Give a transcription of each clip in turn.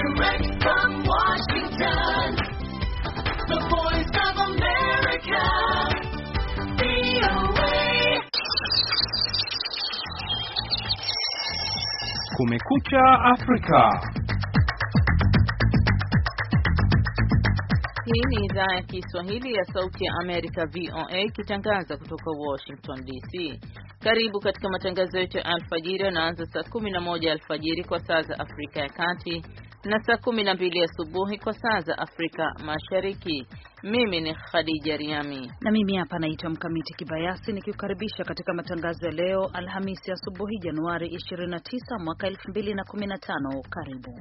Direct from Washington, the voice of America, Kumekucha Afrika. Hii ni idhaa ya Kiswahili ya Sauti ya Amerika, VOA, ikitangaza kutoka Washington DC. Karibu katika matangazo yetu ya alfajiri yanaanza saa 11 alfajiri kwa saa za Afrika ya Kati na saa 12 asubuhi kwa saa za Afrika Mashariki. Mimi ni Khadija Riami na mimi hapa naitwa Mkamiti Kibayasi nikiukaribisha katika matangazo ya leo Alhamisi asubuhi Januari 29 mwaka 2015. Karibu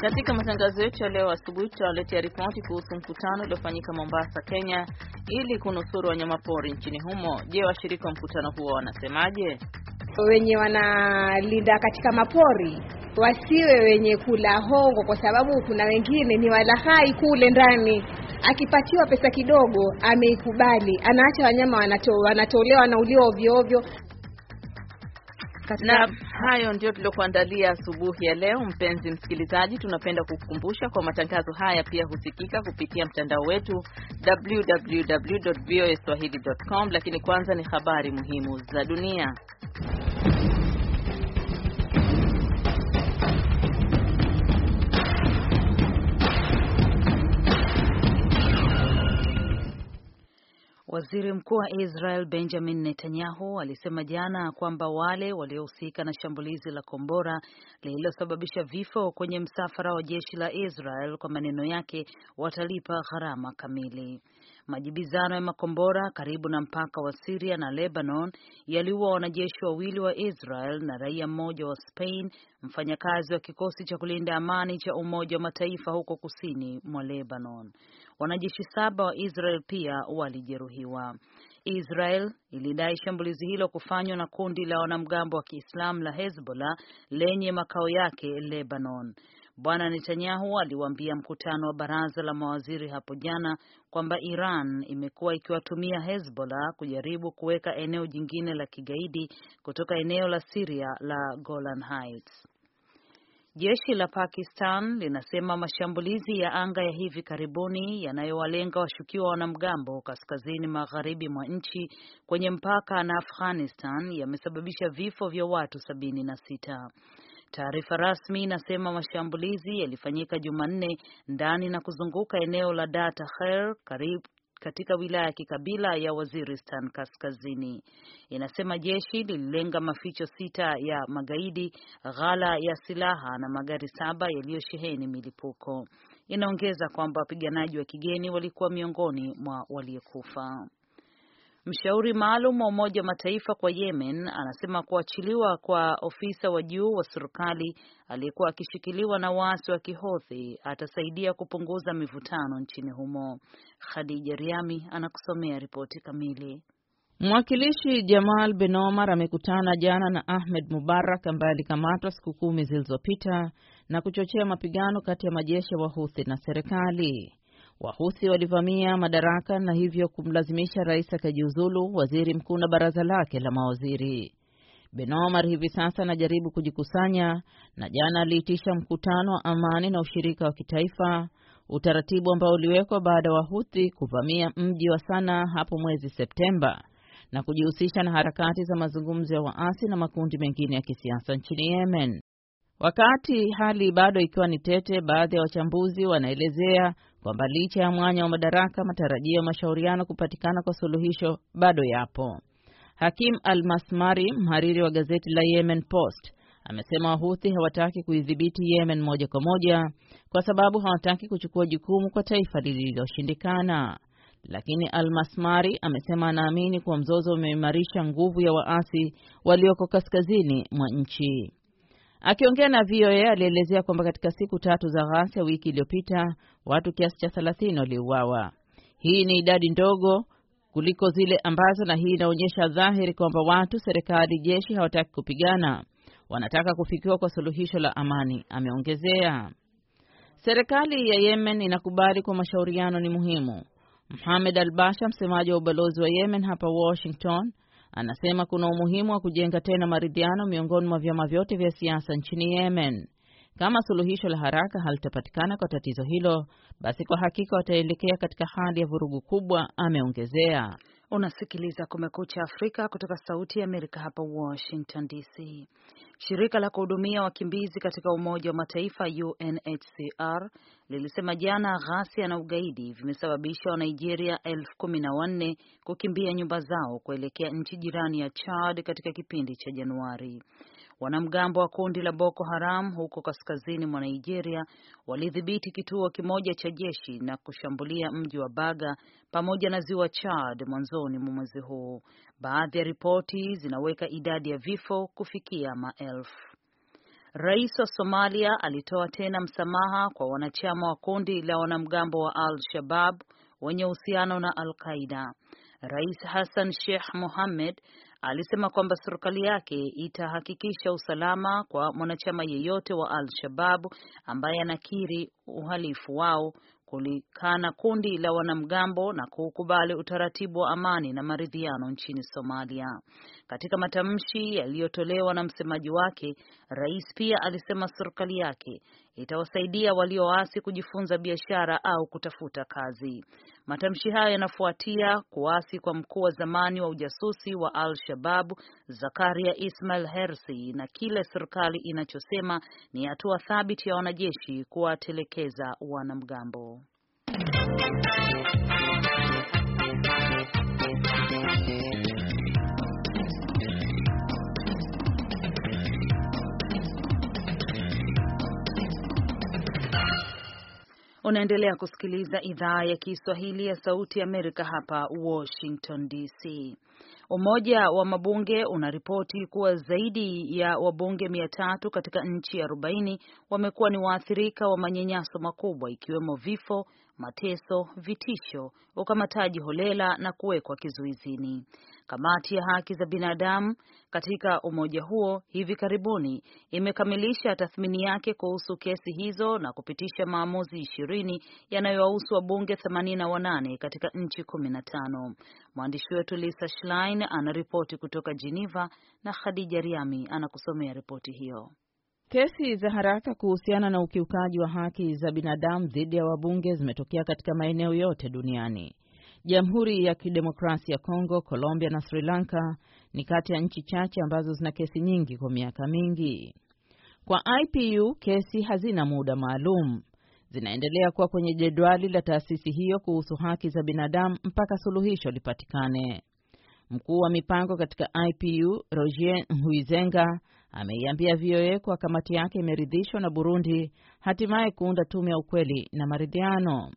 katika matangazo yetu ya leo asubuhi. Tutawaletea ripoti kuhusu mkutano uliofanyika Mombasa, Kenya ili kunusuru wanyamapori nchini humo. Je, washiriki wa mkutano huo wanasemaje? wenye wanalinda katika mapori wasiwe wenye kula hongo, kwa sababu kuna wengine ni wala hai kule ndani. Akipatiwa pesa kidogo, ameikubali, anaacha wanyama wanato, wanatolewa wanauliwa ovyo ovyo katika... na hayo ndio tuliokuandalia asubuhi ya leo. Mpenzi msikilizaji, tunapenda kukukumbusha kwa matangazo haya pia husikika kupitia mtandao wetu www.voaswahili.com, lakini kwanza ni habari muhimu za dunia. Waziri Mkuu wa Israel Benjamin Netanyahu alisema jana kwamba wale waliohusika na shambulizi la kombora lililosababisha vifo kwenye msafara wa jeshi la Israel, kwa maneno yake, watalipa gharama kamili. Majibizano ya makombora karibu na mpaka wa Siria na Lebanon yaliua wanajeshi wawili wa Israel na raia mmoja wa Spain, mfanyakazi wa kikosi cha kulinda amani cha Umoja wa Mataifa huko kusini mwa Lebanon. Wanajeshi saba wa Israel pia walijeruhiwa. Israel ilidai shambulizi hilo kufanywa na kundi la wanamgambo wa Kiislamu la Hezbollah lenye makao yake Lebanon. Bwana Netanyahu aliwaambia mkutano wa baraza la mawaziri hapo jana kwamba Iran imekuwa ikiwatumia Hezbollah kujaribu kuweka eneo jingine la kigaidi kutoka eneo la Syria la Golan Heights. Jeshi la Pakistan linasema mashambulizi ya anga ya hivi karibuni yanayowalenga washukiwa wanamgambo kaskazini magharibi mwa nchi kwenye mpaka na Afghanistan yamesababisha vifo vya watu sabini na sita. Taarifa rasmi inasema mashambulizi yalifanyika Jumanne ndani na kuzunguka eneo la Data Khair karibu katika wilaya ya kikabila ya Waziristan Kaskazini. Inasema jeshi lililenga maficho sita ya magaidi, ghala ya silaha na magari saba yaliyosheheni milipuko. Inaongeza kwamba wapiganaji wa kigeni walikuwa miongoni mwa waliokufa. Mshauri maalum wa Umoja wa Mataifa kwa Yemen anasema kuachiliwa kwa ofisa wa juu wa serikali aliyekuwa akishikiliwa na waasi wa Kihothi atasaidia kupunguza mivutano nchini humo. Khadija Riami anakusomea ripoti kamili. Mwakilishi Jamal Ben Omar amekutana jana na Ahmed Mubarak ambaye alikamatwa siku kumi zilizopita na kuchochea mapigano kati ya majeshi ya Wahuthi na serikali. Wahusi walivamia madaraka na hivyo kumlazimisha rais akajiuzulu, waziri mkuu na baraza lake la mawaziri. Ben Omar hivi sasa anajaribu kujikusanya na jana aliitisha mkutano wa amani na ushirika wa kitaifa, utaratibu ambao uliwekwa baada ya Wahuthi kuvamia mji wa Sana hapo mwezi Septemba na kujihusisha na harakati za mazungumzo ya waasi na makundi mengine ya kisiasa nchini Yemen. Wakati hali bado ikiwa ni tete, baadhi ya wachambuzi wanaelezea kwamba licha ya mwanya wa madaraka, matarajio ya mashauriano kupatikana kwa suluhisho bado yapo. Hakim Al-Masmari, mhariri wa gazeti la Yemen Post, amesema Wahuthi hawataki kuidhibiti Yemen moja kwa moja kwa sababu hawataki kuchukua jukumu kwa taifa lililoshindikana. Lakini Al-Masmari amesema anaamini kuwa mzozo umeimarisha nguvu ya waasi walioko kaskazini mwa nchi. Akiongea na VOA alielezea kwamba katika siku tatu za ghasia wiki iliyopita watu kiasi cha 30 waliuawa. Hii ni idadi ndogo kuliko zile ambazo, na hii inaonyesha dhahiri kwamba watu, serikali, jeshi hawataki kupigana, wanataka kufikiwa kwa suluhisho la amani, ameongezea. Serikali ya Yemen inakubali kwa mashauriano ni muhimu. Mohamed Al-Basha, msemaji wa ubalozi wa Yemen hapa Washington, anasema kuna umuhimu wa kujenga tena maridhiano miongoni mwa vyama vyote vya siasa nchini Yemen. Kama suluhisho la haraka halitapatikana kwa tatizo hilo, basi kwa hakika wataelekea katika hali ya vurugu kubwa, ameongezea. Unasikiliza Kumekucha Afrika kutoka Sauti ya Amerika hapa Washington DC. Shirika la kuhudumia wakimbizi katika Umoja wa Mataifa UNHCR lilisema jana ghasia na ugaidi vimesababisha Wanigeria elfu kumi na wanne kukimbia nyumba zao kuelekea nchi jirani ya Chad katika kipindi cha Januari. Wanamgambo wa kundi la Boko Haram huko kaskazini mwa Nigeria walidhibiti kituo kimoja cha jeshi na kushambulia mji wa Baga pamoja na ziwa Chad mwanzoni mwa mwezi huu. Baadhi ya ripoti zinaweka idadi ya vifo kufikia maelfu. Rais wa Somalia alitoa tena msamaha kwa wanachama wa kundi la wanamgambo wa Al-Shabab wenye uhusiano na Al-Qaida. Rais Hassan Sheikh Mohamed alisema kwamba serikali yake itahakikisha usalama kwa mwanachama yeyote wa Al-Shababu ambaye anakiri uhalifu wao kulikana kundi la wanamgambo na kukubali utaratibu wa amani na maridhiano nchini Somalia. Katika matamshi yaliyotolewa na msemaji wake, rais pia alisema serikali yake itawasaidia walioasi kujifunza biashara au kutafuta kazi. Matamshi hayo yanafuatia kuasi kwa mkuu wa zamani wa ujasusi wa al shabab Zakaria Ismail Hersi na kile serikali inachosema ni hatua thabiti ya wanajeshi kuwatelekeza wanamgambo. Unaendelea kusikiliza idhaa ya Kiswahili ya Sauti ya Amerika hapa Washington DC. Umoja wa mabunge unaripoti kuwa zaidi ya wabunge mia tatu katika nchi arobaini wamekuwa ni waathirika wa manyanyaso makubwa ikiwemo vifo, mateso, vitisho, ukamataji holela na kuwekwa kizuizini. Kamati ya haki za binadamu katika umoja huo hivi karibuni imekamilisha tathmini yake kuhusu kesi hizo na kupitisha maamuzi ishirini yanayowahusu wabunge wanane katika nchi tano Mwandishi wetu Lisa Schlein anaripoti kutoka Geneva na Khadija Riami anakusomea ripoti hiyo. Kesi za haraka kuhusiana na ukiukaji wa haki za binadamu dhidi ya wabunge zimetokea katika maeneo yote duniani. Jamhuri ya Kidemokrasia ya Kongo, Colombia na Sri Lanka ni kati ya nchi chache ambazo zina kesi nyingi kwa miaka mingi. Kwa IPU kesi hazina muda maalum, zinaendelea kuwa kwenye jedwali la taasisi hiyo kuhusu haki za binadamu mpaka suluhisho lipatikane. Mkuu wa mipango katika IPU Roger Huizenga ameiambia VOA kuwa kamati yake imeridhishwa na Burundi hatimaye kuunda tume ya ukweli na maridhiano.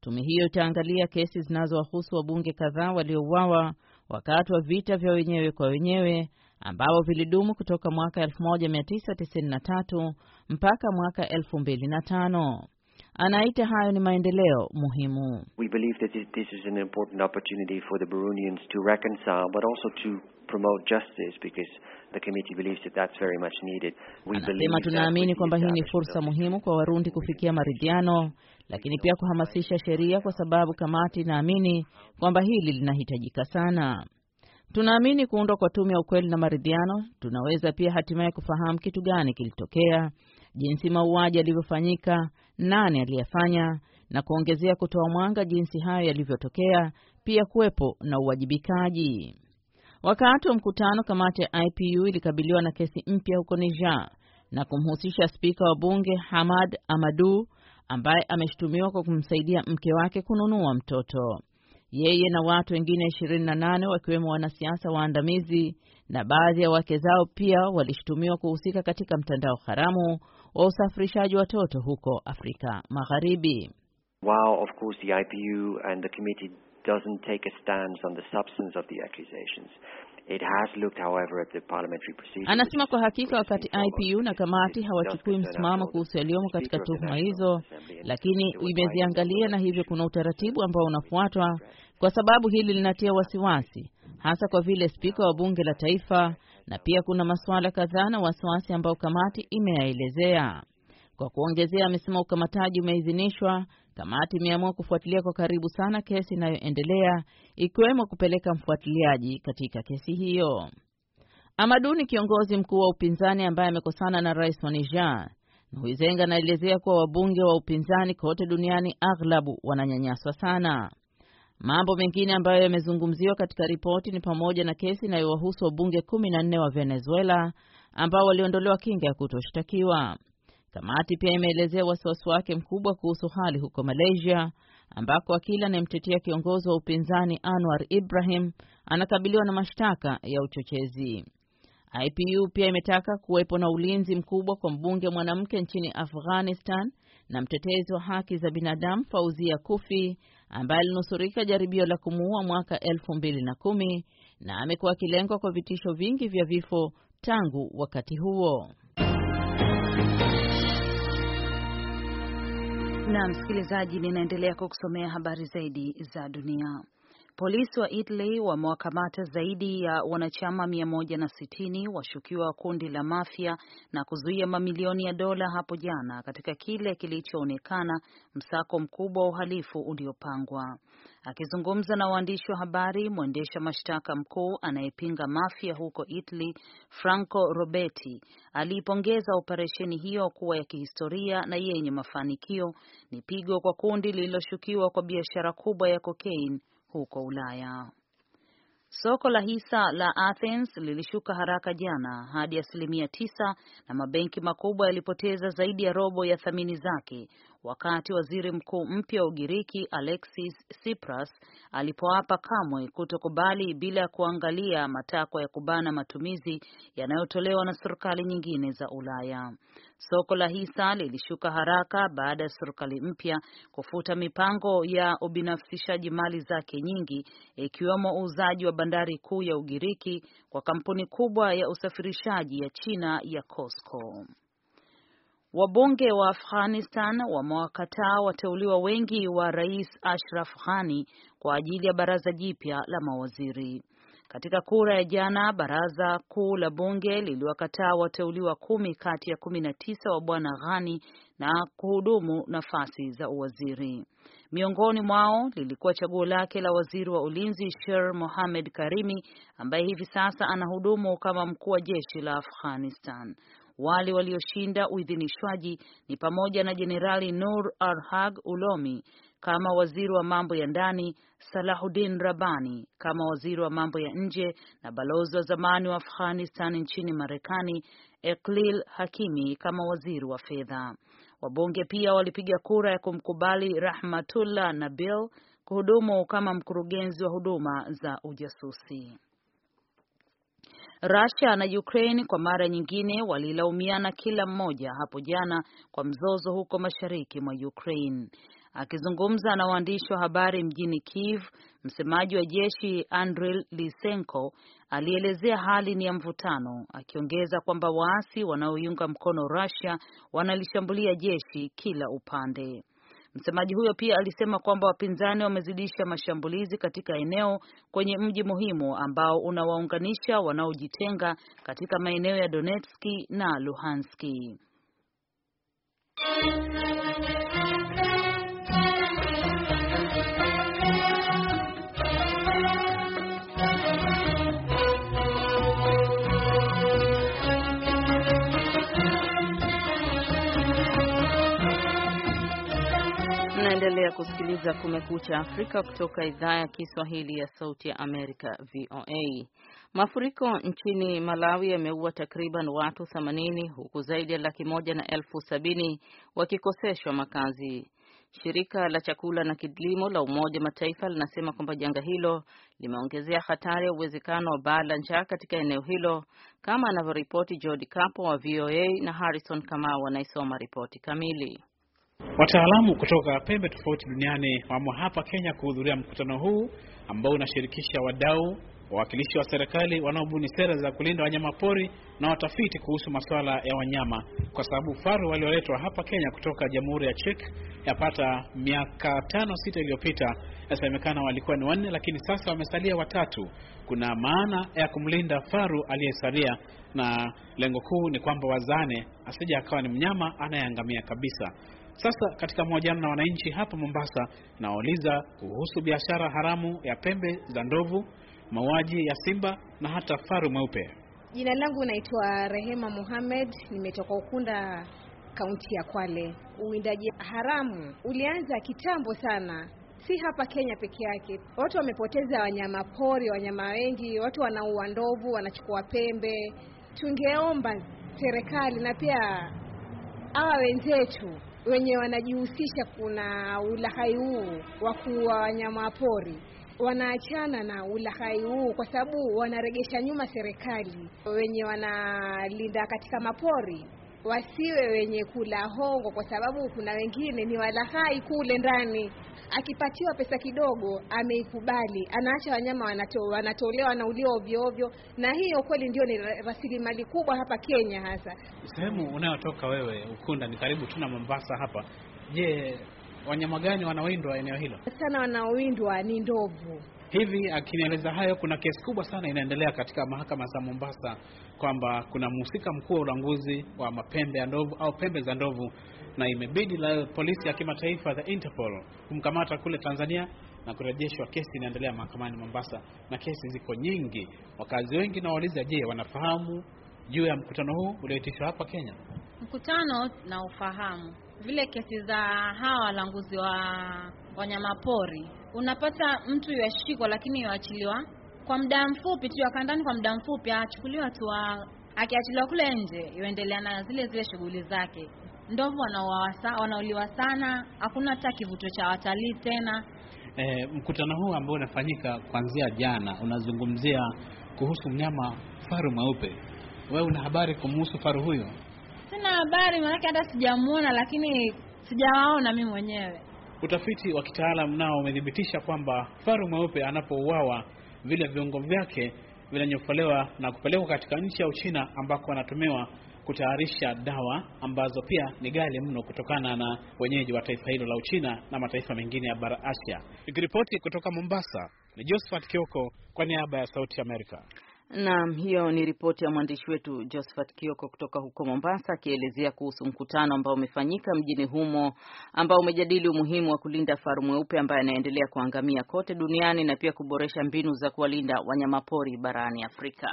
Tume hiyo itaangalia kesi zinazowahusu wabunge kadhaa waliouawa wakati wa vita vya wenyewe kwa wenyewe ambavyo vilidumu kutoka mwaka 1993 mpaka mwaka 2005. Anaita hayo ni maendeleo muhimu. We believe that this is an important opportunity for the Burundians to reconcile but also to promote justice because the committee believes that that's very much needed. We anasema tunaamini kwamba hii ni fursa muhimu kwa Warundi kufikia maridhiano, lakini pia kuhamasisha sheria, kwa sababu kamati inaamini kwamba hili linahitajika sana. Tunaamini kuundwa kwa tume ya ukweli na maridhiano, tunaweza pia hatimaye kufahamu kitu gani kilitokea jinsi mauaji yalivyofanyika, nani aliyefanya, na kuongezea kutoa mwanga jinsi hayo yalivyotokea, pia kuwepo na uwajibikaji. Wakati wa mkutano, kamati ya IPU ilikabiliwa na kesi mpya huko Niger na kumhusisha spika wa bunge Hamad Amadu ambaye ameshutumiwa kwa kumsaidia mke wake kununua mtoto. Yeye na watu wengine 28 wakiwemo wanasiasa waandamizi na baadhi ya wake zao pia walishutumiwa kuhusika katika mtandao haramu wa usafirishaji watoto huko Afrika Magharibi. While of course the IPU and the committee doesn't take a stance on the substance of the accusations. It has looked, however, at the parliamentary procedure. Anasema kwa hakika wakati IPU na kamati hawachukui msimamo kuhusu yaliyomo katika tuhuma hizo, lakini imeziangalia na hivyo kuna utaratibu ambao unafuatwa, kwa sababu hili linatia wasiwasi, hasa kwa vile spika wa bunge la taifa na pia kuna masuala kadhaa na wasiwasi ambayo kamati imeyaelezea. Kwa kuongezea, amesema ukamataji umeidhinishwa. Kamati imeamua kufuatilia kwa karibu sana kesi inayoendelea ikiwemo kupeleka mfuatiliaji katika kesi hiyo. amadu ni kiongozi mkuu wa upinzani ambaye amekosana na rais wa Niger. Huizenga anaelezea kuwa wabunge wa upinzani kote duniani aghlabu wananyanyaswa sana. Mambo mengine ambayo yamezungumziwa katika ripoti ni pamoja na kesi inayowahusu wabunge kumi na nne wa Venezuela ambao waliondolewa kinga ya kutoshtakiwa. Kamati pia imeelezea wasiwasi wake mkubwa kuhusu hali huko Malaysia ambako akili anayemtetea kiongozi wa upinzani Anwar Ibrahim anakabiliwa na mashtaka ya uchochezi. IPU pia imetaka kuwepo na ulinzi mkubwa kwa mbunge mwanamke nchini Afghanistan na mtetezi wa haki za binadamu Fauzia Kufi ambaye alinusurika jaribio la kumuua mwaka elfu mbili na kumi na amekuwa akilengwa kwa vitisho vingi vya vifo tangu wakati huo. Na msikilizaji, ninaendelea kukusomea habari zaidi za dunia. Polisi wa Italy wamewakamata zaidi ya wanachama 160 washukiwa wa kundi la mafia na kuzuia mamilioni ya dola hapo jana katika kile kilichoonekana msako mkubwa wa uhalifu uliopangwa. Akizungumza na waandishi wa habari, mwendesha mashtaka mkuu anayepinga mafia huko Italy, Franco Roberti, aliipongeza operesheni hiyo kuwa ya kihistoria na yenye mafanikio. Ni pigo kwa kundi lililoshukiwa kwa biashara kubwa ya kokaini huko Ulaya. Soko la hisa la Athens lilishuka haraka jana hadi asilimia tisa na mabenki makubwa yalipoteza zaidi ya robo ya thamini zake wakati waziri mkuu mpya wa Ugiriki Alexis Tsipras alipoapa kamwe kutokubali bila ya kuangalia matakwa ya kubana matumizi yanayotolewa na serikali nyingine za Ulaya. Soko la hisa lilishuka haraka baada ya serikali mpya kufuta mipango ya ubinafsishaji mali zake nyingi, ikiwemo uuzaji wa bandari kuu ya Ugiriki kwa kampuni kubwa ya usafirishaji ya China ya COSCO. Wabunge wa Afghanistan wamewakataa wateuliwa wengi wa Rais Ashraf Ghani kwa ajili ya baraza jipya la mawaziri. Katika kura ya jana, baraza kuu la bunge liliwakataa wateuliwa kumi kati ya kumi na tisa wa bwana Ghani na kuhudumu nafasi za uwaziri. Miongoni mwao lilikuwa chaguo lake la waziri wa ulinzi Sher Mohamed Karimi ambaye hivi sasa anahudumu kama mkuu wa jeshi la Afghanistan. Wale walioshinda uidhinishwaji ni pamoja na Jenerali Nur Arhag Ulomi kama waziri wa mambo ya ndani, Salahuddin Rabbani kama waziri wa mambo ya nje na balozi wa zamani wa Afghanistan nchini Marekani, Eklil Hakimi kama waziri wa fedha. Wabunge pia walipiga kura ya kumkubali Rahmatullah Nabil kuhudumu kama mkurugenzi wa huduma za ujasusi. Russia na Ukraine kwa mara nyingine walilaumiana kila mmoja hapo jana kwa mzozo huko mashariki mwa Ukraine. Akizungumza na waandishi wa habari mjini Kiev, msemaji wa jeshi Andriy Lisenko alielezea hali ni ya mvutano, akiongeza kwamba waasi wanaoiunga mkono Russia wanalishambulia jeshi kila upande. Msemaji huyo pia alisema kwamba wapinzani wamezidisha mashambulizi katika eneo kwenye mji muhimu ambao unawaunganisha wanaojitenga katika maeneo ya Donetski na Luhanski. Unaendelea kusikiliza Kumekucha Afrika kutoka idhaa ya Kiswahili ya Sauti ya Amerika, VOA. Mafuriko nchini Malawi yameua takriban watu 80 huku zaidi ya laki moja na elfu sabini wakikoseshwa makazi. Shirika la chakula na kilimo la Umoja Mataifa linasema kwamba janga hilo limeongezea hatari ya uwezekano wa baa la njaa katika eneo hilo, kama anavyoripoti Jodi Capo wa VOA na Harrison Kamau anaisoma ripoti kamili. Wataalamu kutoka pembe tofauti duniani wamo hapa Kenya kuhudhuria mkutano huu ambao unashirikisha wadau, wawakilishi wa serikali wanaobuni sera za kulinda wanyama pori na watafiti kuhusu masuala ya wanyama, kwa sababu faru walioletwa hapa Kenya kutoka Jamhuri ya Czech yapata miaka tano sita iliyopita, yasemekana walikuwa ni wanne, lakini sasa wamesalia watatu. Kuna maana ya kumlinda faru aliyesalia, na lengo kuu ni kwamba wazane, asije akawa ni mnyama anayeangamia kabisa. Sasa katika mahojiano na wananchi hapa Mombasa, nawauliza kuhusu biashara haramu ya pembe za ndovu, mauaji ya simba na hata faru mweupe. Jina langu naitwa Rehema Mohamed, nimetoka Ukunda, kaunti ya Kwale. Uwindaji haramu ulianza kitambo sana, si hapa Kenya peke yake. Watu wamepoteza wanyama pori, wanyama wengi, watu wanaua ndovu, wanachukua pembe. Tungeomba serikali na pia hawa wenzetu wenye wanajihusisha kuna ulahai huu wa kuwa wanyama pori wanaachana na ulahai huu kwa sababu wanaregesha nyuma serikali. Wenye wanalinda katika mapori wasiwe wenye kula hongo, kwa sababu kuna wengine ni walahai kule ndani akipatiwa pesa kidogo ameikubali, anaacha wanyama wanato, wanatolewa wanauliwa ovyo ovyo, na hiyo kweli ndio ni rasilimali kubwa hapa Kenya. Hasa sehemu unayotoka wewe, Ukunda, ni karibu tu na Mombasa hapa. Je, wanyama gani wanawindwa eneo hilo? Sana wanaowindwa ni ndovu hivi. Akinieleza hayo, kuna kesi kubwa sana inaendelea katika mahakama za Mombasa kwamba kuna mhusika mkuu wa ulanguzi wa mapembe ya ndovu au pembe za ndovu, na imebidi la polisi ya kimataifa the Interpol kumkamata kule Tanzania na kurejeshwa. Kesi inaendelea mahakamani Mombasa, na kesi ziko nyingi. Wakazi wengi nawauliza, je, wanafahamu juu ya mkutano huu ulioitishwa hapa Kenya? Mkutano na ufahamu vile kesi za hawa walanguzi wa wanyamapori unapata mtu yashikwa lakini yoachiliwa kwa muda mfupi tu, akaa ndani kwa muda mfupi, achukuliwa tu, akiachiliwa kule nje, yuendelea na zile zile shughuli zake. Ndovu wanauliwa sana, hakuna hata kivutio cha watalii tena. e, mkutano huu ambao unafanyika kuanzia jana unazungumzia kuhusu mnyama faru mweupe. Wewe una habari kumhusu faru huyo? Sina habari, manake hata sijamuona, lakini sijawaona mimi mwenyewe. Utafiti wa kitaalam nao umethibitisha kwamba faru mweupe anapouawa vile viungo vyake vinanyofolewa na kupelekwa katika nchi ya Uchina ambako anatumiwa kutayarisha dawa ambazo pia ni ghali mno kutokana na wenyeji wa taifa hilo la Uchina na mataifa mengine ya bara Asia. Nikiripoti kutoka Mombasa ni Josephat Kioko kwa niaba ya Sauti Amerika. Naam, hiyo ni ripoti ya mwandishi wetu Josephat Kioko kutoka huko Mombasa, akielezea kuhusu mkutano ambao umefanyika mjini humo ambao umejadili umuhimu wa kulinda faru mweupe ambaye anaendelea kuangamia kote duniani na pia kuboresha mbinu za kuwalinda wanyamapori barani Afrika.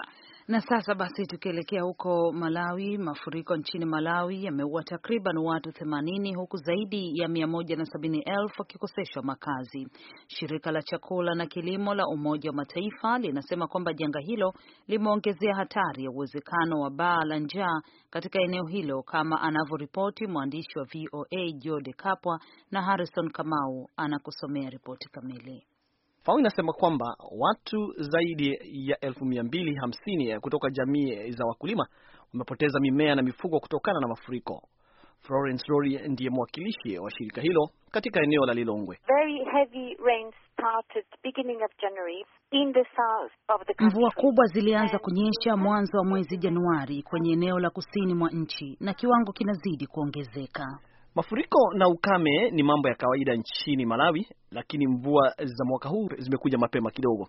Na sasa basi tukielekea huko Malawi, mafuriko nchini Malawi yameua takriban watu 80 huku zaidi ya 170,000 wakikoseshwa makazi. Shirika la chakula na kilimo la Umoja wa Mataifa linasema kwamba janga hilo limeongezea hatari ya uwezekano wa baa la njaa katika eneo hilo, kama anavyoripoti mwandishi wa VOA Jode Kapwa, na Harrison Kamau anakusomea ripoti kamili. FAO inasema kwamba watu zaidi ya hamsini kutoka jamii za wakulima wamepoteza mimea na mifugo kutokana na mafuriko. Florence Rory ndiye mwakilishi wa shirika hilo katika eneo la Lilongwe. Mvua kubwa zilianza kunyesha mwanzo wa mwezi Januari kwenye eneo la kusini mwa nchi na kiwango kinazidi kuongezeka. Mafuriko na ukame ni mambo ya kawaida nchini Malawi, lakini mvua za mwaka huu zimekuja mapema kidogo.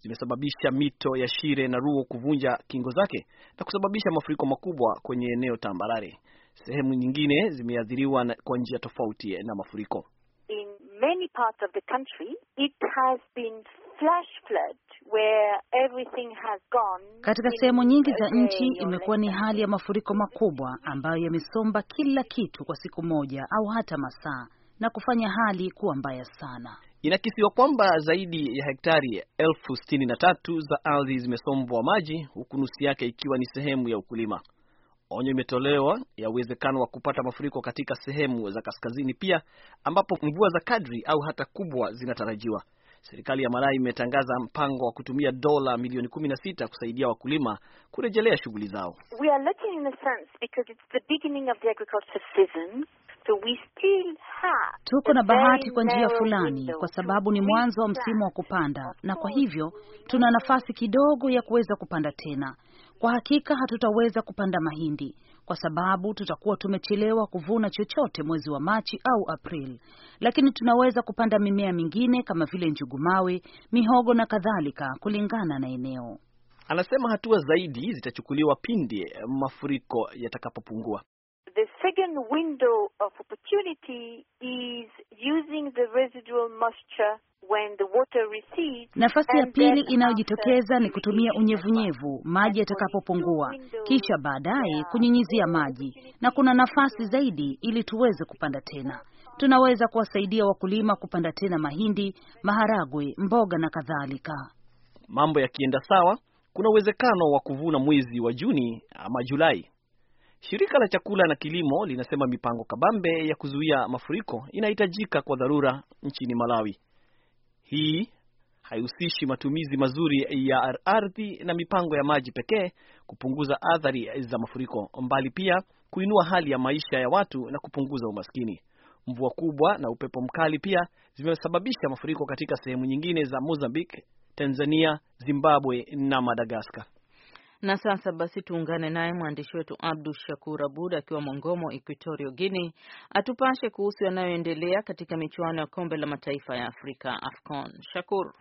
Zimesababisha mito ya Shire na Ruo kuvunja kingo zake na kusababisha mafuriko makubwa kwenye eneo tambarare. Sehemu nyingine zimeathiriwa kwa njia tofauti na mafuriko. In many parts of the country, it has been flash flood where everything has gone. Katika sehemu nyingi za nchi imekuwa ni hali ya mafuriko makubwa ambayo yamesomba kila kitu kwa siku moja au hata masaa na kufanya hali kuwa mbaya sana. Inakisiwa kwamba zaidi ya hektari elfu sitini na tatu za ardhi zimesombwa maji huku nusu yake ikiwa ni sehemu ya ukulima. Onyo imetolewa ya uwezekano wa kupata mafuriko katika sehemu za kaskazini pia, ambapo mvua za kadri au hata kubwa zinatarajiwa. Serikali ya Malawi imetangaza mpango wa kutumia dola milioni kumi na sita kusaidia wakulima kurejelea shughuli zao. We are lucky in a sense because it's the beginning of the agriculture season. So we still have tuko na bahati kwa njia fulani, kwa sababu ni mwanzo wa msimu wa kupanda, na kwa hivyo tuna nafasi kidogo ya kuweza kupanda tena. Kwa hakika hatutaweza kupanda mahindi kwa sababu tutakuwa tumechelewa kuvuna chochote mwezi wa Machi au april lakini tunaweza kupanda mimea mingine kama vile njugu mawe, mihogo na kadhalika kulingana na eneo. Anasema hatua zaidi zitachukuliwa pindi mafuriko yatakapopungua the second window of opportunity is using the residual moisture when the water recedes. Nafasi ya pili inayojitokeza ni kutumia unyevunyevu maji yatakapopungua, kisha baadaye kunyunyizia maji, na kuna nafasi zaidi ili tuweze kupanda tena. Tunaweza kuwasaidia wakulima kupanda tena mahindi, maharagwe, mboga na kadhalika. Mambo yakienda sawa, kuna uwezekano wa kuvuna mwezi wa Juni ama Julai. Shirika la chakula na kilimo linasema mipango kabambe ya kuzuia mafuriko inahitajika kwa dharura nchini Malawi. Hii haihusishi matumizi mazuri ya ardhi na mipango ya maji pekee kupunguza athari za mafuriko, mbali pia kuinua hali ya maisha ya watu na kupunguza umaskini. Mvua kubwa na upepo mkali pia zimesababisha mafuriko katika sehemu nyingine za Mozambique, Tanzania, Zimbabwe na Madagaskar. Na sasa basi tuungane naye mwandishi wetu Abdu Shakur Abud akiwa Mongomo, equitorio Guinea, atupashe kuhusu yanayoendelea katika michuano ya kombe la mataifa ya Afrika, AFCON. Shakur.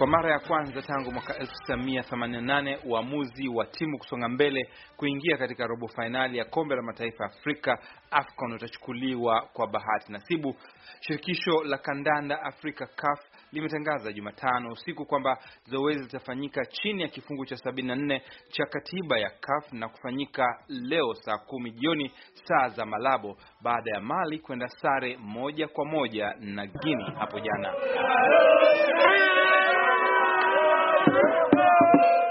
Kwa mara ya kwanza tangu mwaka 1988 uamuzi wa timu kusonga mbele kuingia katika robo fainali ya kombe la mataifa ya Afrika AFCON utachukuliwa kwa bahati nasibu. Shirikisho la kandanda Afrika CAF limetangaza Jumatano usiku kwamba zoezi litafanyika chini ya kifungu cha 74 cha katiba ya CAF na kufanyika leo saa kumi jioni saa za Malabo, baada ya Mali kwenda sare moja kwa moja na Guinea hapo jana.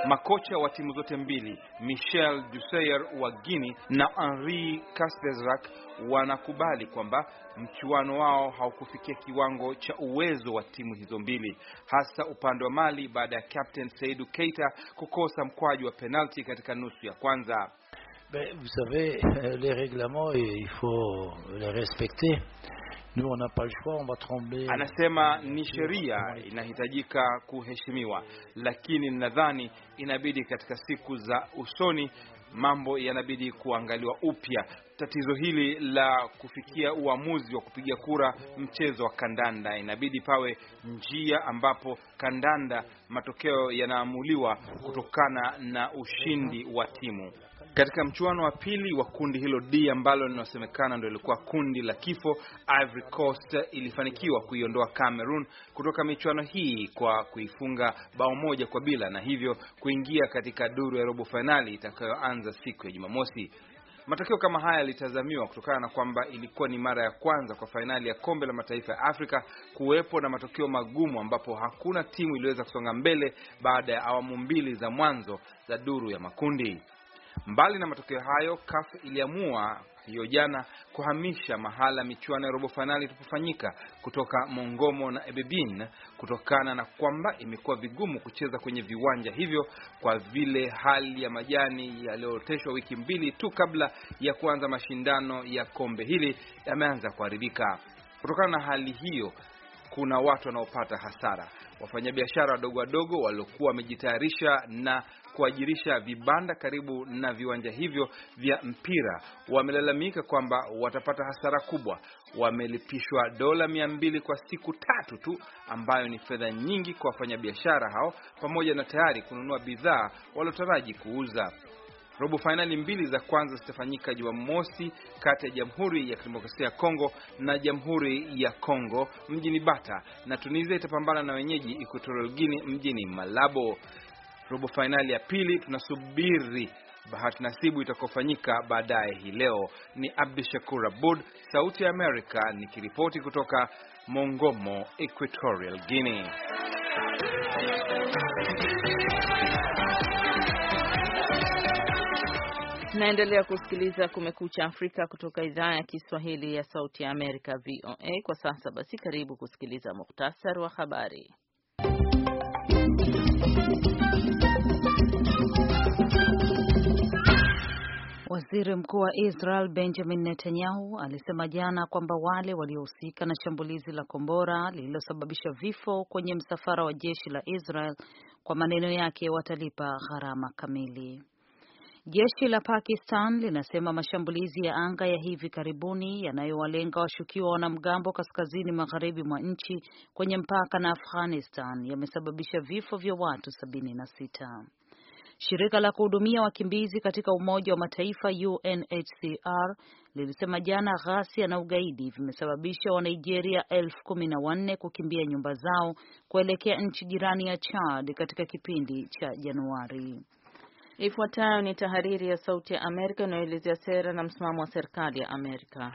Makocha wa timu zote mbili Michel duseyer wa Guinea na Henri Castezrak wanakubali kwamba mchuano wao haukufikia kiwango cha uwezo wa timu hizo mbili, hasa upande wa Mali baada ya captain Seydou Keita kukosa mkwaju wa penalti katika nusu ya kwanza. Ben, vous savez, euh, les règlements, il faut les respecter. Anasema ni sheria inahitajika kuheshimiwa, lakini nadhani inabidi katika siku za usoni mambo yanabidi kuangaliwa upya. Tatizo hili la kufikia uamuzi wa kupiga kura mchezo wa kandanda, inabidi pawe njia ambapo kandanda matokeo yanaamuliwa kutokana na ushindi wa timu. Katika mchuano wa pili wa kundi hilo D ambalo linasemekana ndio ilikuwa kundi la kifo, Ivory Coast ilifanikiwa kuiondoa Cameroon kutoka michuano hii kwa kuifunga bao moja kwa bila na hivyo kuingia katika duru ya robo fainali itakayoanza siku ya Jumamosi. Matokeo kama haya yalitazamiwa kutokana na kwamba ilikuwa ni mara ya kwanza kwa fainali ya kombe la mataifa ya Afrika kuwepo na matokeo magumu ambapo hakuna timu iliweza kusonga mbele baada ya awamu mbili za mwanzo za duru ya makundi. Mbali na matokeo hayo, CAF iliamua hiyo jana kuhamisha mahala michuano ya robo fainali itapofanyika kutoka Mongomo na Ebebin kutokana na kwamba imekuwa vigumu kucheza kwenye viwanja hivyo kwa vile hali ya majani yaliyooteshwa wiki mbili tu kabla ya kuanza mashindano ya kombe hili yameanza kuharibika. Kutokana na hali hiyo, kuna watu wanaopata hasara, wafanyabiashara wadogo wadogo waliokuwa wamejitayarisha na kuajirisha vibanda karibu na viwanja hivyo vya mpira. Wamelalamika kwamba watapata hasara kubwa. Wamelipishwa dola mia mbili kwa siku tatu tu, ambayo ni fedha nyingi kwa wafanyabiashara hao, pamoja na tayari kununua bidhaa walotaraji kuuza. Robo fainali mbili za kwanza zitafanyika Jumamosi kati ya Jamhuri ya Kidemokrasia ya Kongo na Jamhuri ya Kongo mjini Bata, na Tunisia itapambana na wenyeji Equatorial Guinea mjini Malabo robo fainali ya pili tunasubiri bahati nasibu itakofanyika baadaye hii leo. Ni Abdu Shakur Abud, Sauti ya Amerika, nikiripoti kutoka Mongomo, Equatorial Guinea. Naendelea kusikiliza Kumekucha Afrika kutoka idhaa ya Kiswahili ya Sauti ya Amerika, VOA. Kwa sasa basi, karibu kusikiliza muhtasari wa habari. Waziri Mkuu wa Israel Benjamin Netanyahu alisema jana kwamba wale waliohusika na shambulizi la kombora lililosababisha vifo kwenye msafara wa jeshi la Israel, kwa maneno yake, watalipa gharama kamili. Jeshi la Pakistan linasema mashambulizi ya anga ya hivi karibuni yanayowalenga washukiwa wanamgambo kaskazini magharibi mwa nchi kwenye mpaka na Afghanistan yamesababisha vifo vya watu sabini na sita. Shirika la kuhudumia wakimbizi katika Umoja wa Mataifa UNHCR lilisema jana ghasia na ugaidi vimesababisha Wanigeria elfu kumi na wanne kukimbia nyumba zao kuelekea nchi jirani ya Chad katika kipindi cha Januari. Ifuatayo ni tahariri ya Sauti ya Amerika inayoelezea sera na msimamo wa serikali ya Amerika.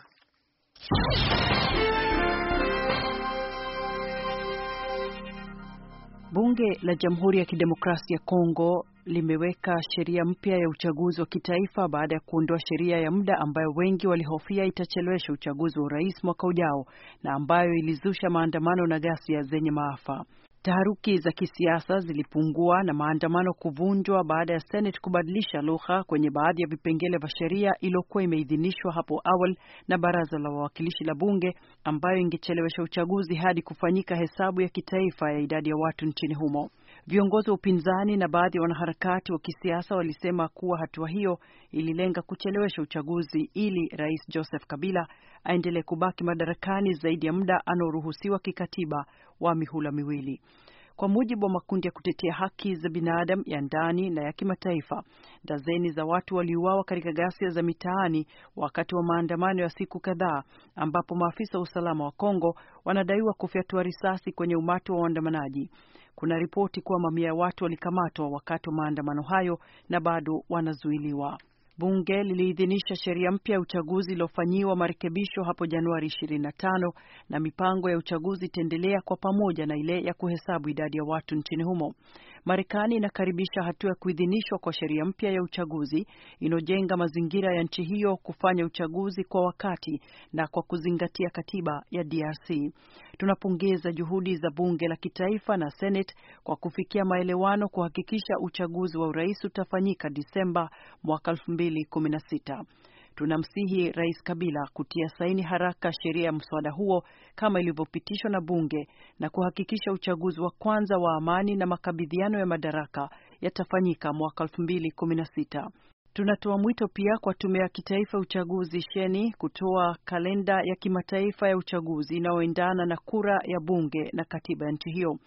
Bunge la Jamhuri ya Kidemokrasia ya Kongo limeweka sheria mpya ya uchaguzi wa kitaifa baada ya kuondoa sheria ya muda ambayo wengi walihofia itachelewesha uchaguzi wa urais mwaka ujao na ambayo ilizusha maandamano na ghasia zenye maafa. Taharuki za kisiasa zilipungua na maandamano kuvunjwa baada ya Senate kubadilisha lugha kwenye baadhi ya vipengele vya sheria iliyokuwa imeidhinishwa hapo awali na baraza la wawakilishi la bunge, ambayo ingechelewesha uchaguzi hadi kufanyika hesabu ya kitaifa ya idadi ya watu nchini humo. Viongozi wa upinzani na baadhi ya wanaharakati wa kisiasa walisema kuwa hatua hiyo ililenga kuchelewesha uchaguzi ili Rais Joseph Kabila aendelee kubaki madarakani zaidi ya muda anaoruhusiwa kikatiba wa mihula miwili. Kwa mujibu wa makundi ya kutetea haki za binadamu ya ndani na ya kimataifa, dazeni za watu waliuawa katika ghasia za mitaani wakati wa maandamano ya siku kadhaa, ambapo maafisa wa usalama wa Kongo wanadaiwa kufyatua risasi kwenye umati wa waandamanaji. Kuna ripoti kuwa mamia ya watu walikamatwa wakati wa maandamano hayo na bado wanazuiliwa. Bunge liliidhinisha sheria mpya ya uchaguzi iliyofanyiwa marekebisho hapo Januari 25 na mipango ya uchaguzi itaendelea kwa pamoja na ile ya kuhesabu idadi ya watu nchini humo. Marekani inakaribisha hatua ya kuidhinishwa kwa sheria mpya ya uchaguzi inayojenga mazingira ya nchi hiyo kufanya uchaguzi kwa wakati na kwa kuzingatia katiba ya DRC. Tunapongeza juhudi za bunge la kitaifa na Senate kwa kufikia maelewano kuhakikisha uchaguzi wa urais utafanyika Disemba mwaka 2016. Tunamsihi Rais Kabila kutia saini haraka sheria ya mswada huo kama ilivyopitishwa na bunge na kuhakikisha uchaguzi wa kwanza wa amani na makabidhiano ya madaraka yatafanyika mwaka 2016. Tunatoa mwito pia kwa Tume ya Kitaifa ya Uchaguzi Sheni kutoa kalenda ya kimataifa ya uchaguzi inayoendana na kura ya bunge na katiba ya nchi hiyo.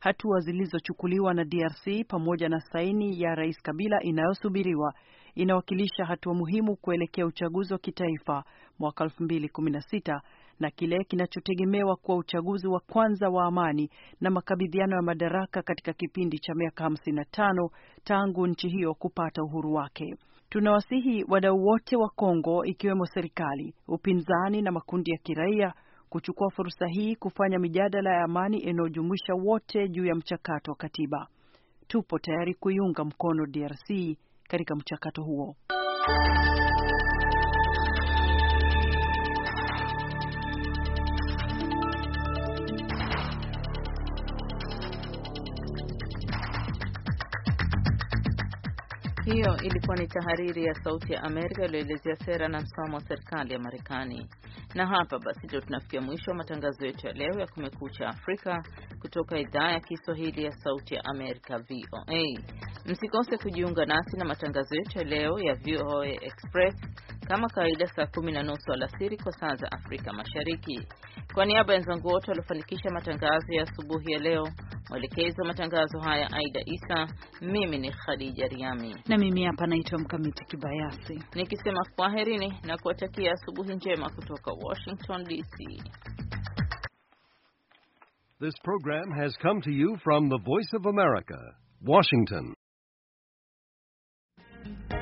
Hatua zilizochukuliwa na DRC pamoja na saini ya Rais Kabila inayosubiriwa inawakilisha hatua muhimu kuelekea uchaguzi wa kitaifa mwaka 2016 na kile kinachotegemewa kuwa uchaguzi wa kwanza wa amani na makabidhiano ya madaraka katika kipindi cha miaka 55 tangu nchi hiyo kupata uhuru wake. Tunawasihi wadau wote wa Kongo, ikiwemo serikali, upinzani na makundi ya kiraia kuchukua fursa hii kufanya mijadala ya amani inayojumuisha wote juu ya mchakato wa katiba. Tupo tayari kuiunga mkono DRC katika mchakato huo. Hiyo ilikuwa ni tahariri ya Sauti ya Amerika iliyoelezea sera na msimamo wa serikali ya Marekani. Na hapa basi ndio tunafikia mwisho wa matangazo yetu ya leo ya Kumekucha Afrika kutoka idhaa ya Kiswahili ya Sauti ya Amerika, VOA. Msikose kujiunga nasi na matangazo yetu ya leo ya VOA Express kama kawaida, saa kumi na nusu alasiri kwa saa za Afrika Mashariki. Kwa niaba ya wenzangu wote waliofanikisha matangazo ya asubuhi ya leo, mwelekezi wa matangazo haya Aida Isa, mimi ni Khadija Riami na mimi hapa naitwa Mkamiti Kibayasi nikisema kwaherini na kuwatakia asubuhi njema kutoka Washington DC. This program has come to you from the Voice of America, Washington. Thank you.